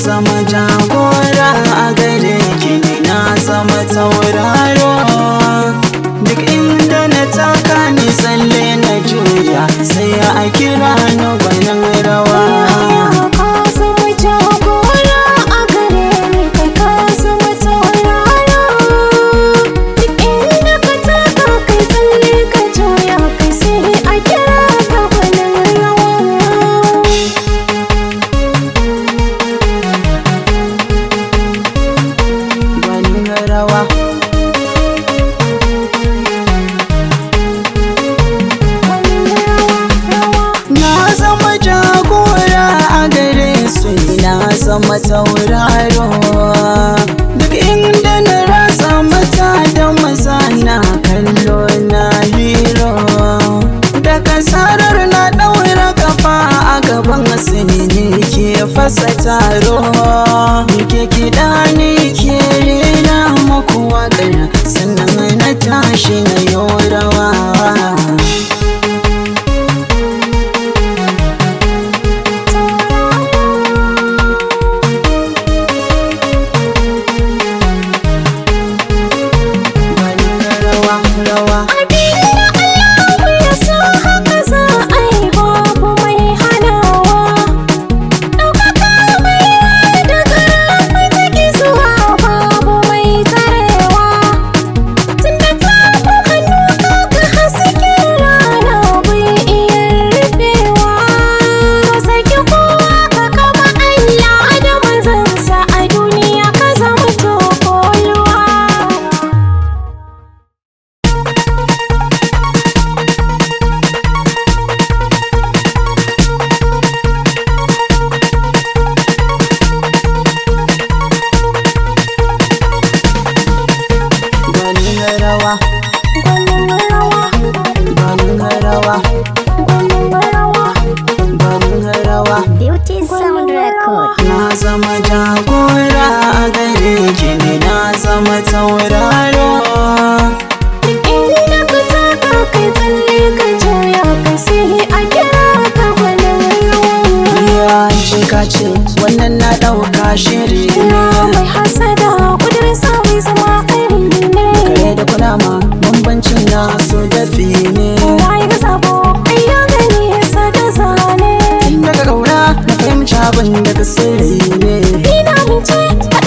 zama jagora a gare ki na zama tauraro duk inda na taka ni tsalle na juya sai a kira na rawa na zama jagora a gare su na zama tauraro duk inda na rasa mata da maza na kallo na hero da kasarar na daura kafa a gaban asini ke fasa taro ke kiɗa ne 是的。na zama jagora a gare jini na zama tauraro duk inda ka taka kai tsalle ka juya kai sai a kira ka gwanin ya shiga ce wannan na ɗauka shiri ne mai hasada kudurin sa mai zama kai ne kare da kunama abin da ka sirri ne. Ina mun ce